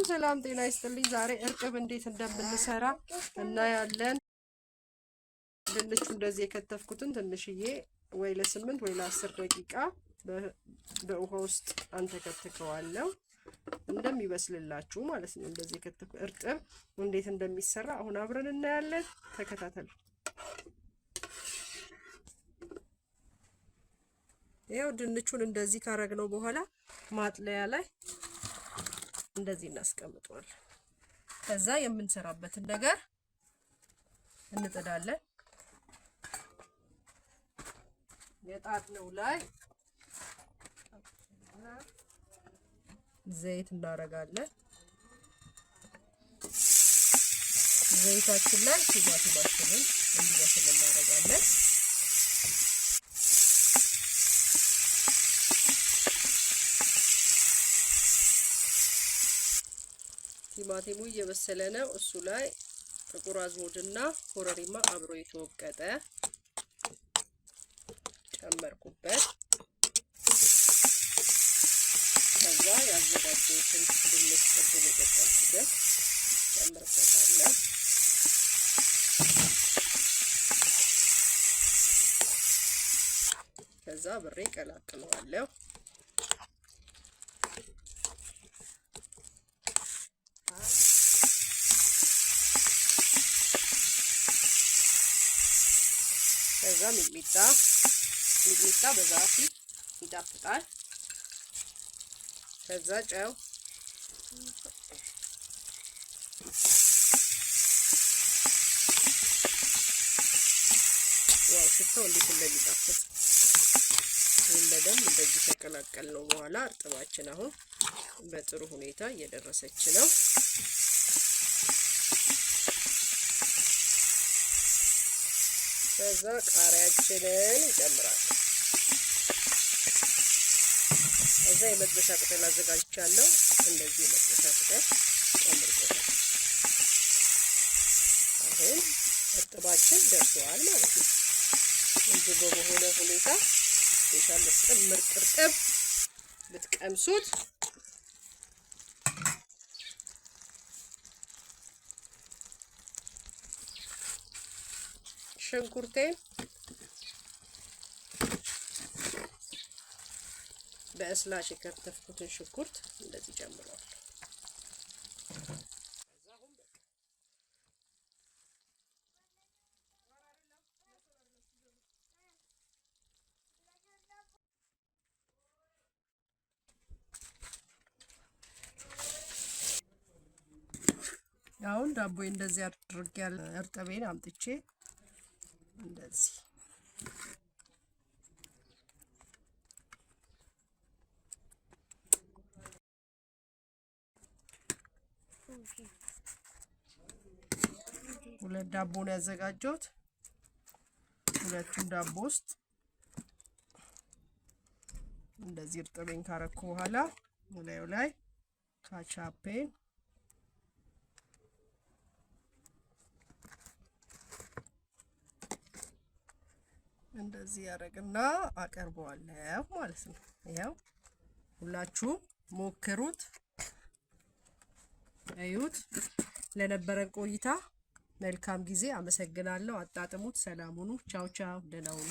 ሰላም ሰላም፣ ጤና ይስጥልኝ። ዛሬ እርጥብ እንዴት እንደምንሰራ እናያለን። ድንቹ እንደዚህ የከተፍኩትን ትንሽዬ ወይ ለስምንት ወይ ለአስር ደቂቃ በውሃ ውስጥ አንተከትከዋለሁ እንደሚበስልላችሁ ማለት ነው። እንደዚህ የከተፍ እርጥብ እንዴት እንደሚሰራ አሁን አብረን እናያለን። ተከታተሉ። ይኸው ድንቹን እንደዚህ ካረግነው በኋላ ማጥለያ ላይ እንደዚህ እናስቀምጠዋለን። ከዛ የምንሰራበትን ነገር እንጥዳለን። ነው ላይ ዘይት እናደርጋለን። ዘይታችን ላይ ቲማቲማችንን እንዲበስል እናደርጋለን። ቲማቲሙ እየበሰለ ነው። እሱ ላይ ጥቁር አዝሙድና ኮረሪማ አብሮ የተወቀጠ ጨመርኩበት። ከዛ ያዘጋጀሁትን ድንች ቅድም የቀጠልኩትን ጨምርበታለሁ። ከዛ ብሬ ቀላቅለዋለሁ። ከዛ ሚጥሚጣ ሚጥሚጣ በዛ ፊት ይጣፍጣል። ከዛ ጨው ያው ሽታው እንዴት እንደሚጣፍጥ ይህን በደንብ እንደዚህ ተቀላቀል ነው በኋላ እርጥባችን አሁን በጥሩ ሁኔታ እየደረሰች ነው። ከዛ ቃሪያችንን እንጨምራለን። እዛ የመጥበሻ ቅጠል አዘጋጅቻለሁ። እንደዚህ የመጥበሻ ቅጠል ጨምርበታል። አሁን እርጥባችን ደርሰዋል ማለት ነው። እዚህ በሆነ ሁኔታ ሻል ምርጥ ብትቀምሱት ሽንኩርቴን በእስላሽ የከተፍኩትን ሽንኩርት እንደዚህ ጨምሯል። አሁን ዳቦዬ እንደዚህ አድርጌ እርጥቤን አምጥቼ እንደዚህ ሁለት ዳቦ ነው ያዘጋጀሁት። ሁለቱም ዳቦ ውስጥ እንደዚህ እርጥቤን ካረኩ በኋላ እላዩ ላይ ካቻፔን እንደዚህ ያደረግና አቀርበዋለሁ ማለት ነው። ያው ሁላችሁም ሞክሩት፣ እዩት። ለነበረን ቆይታ መልካም ጊዜ አመሰግናለሁ። አጣጥሙት። ሰላም ሁኑ። ቻው ቻው። ደህና ሁኑ።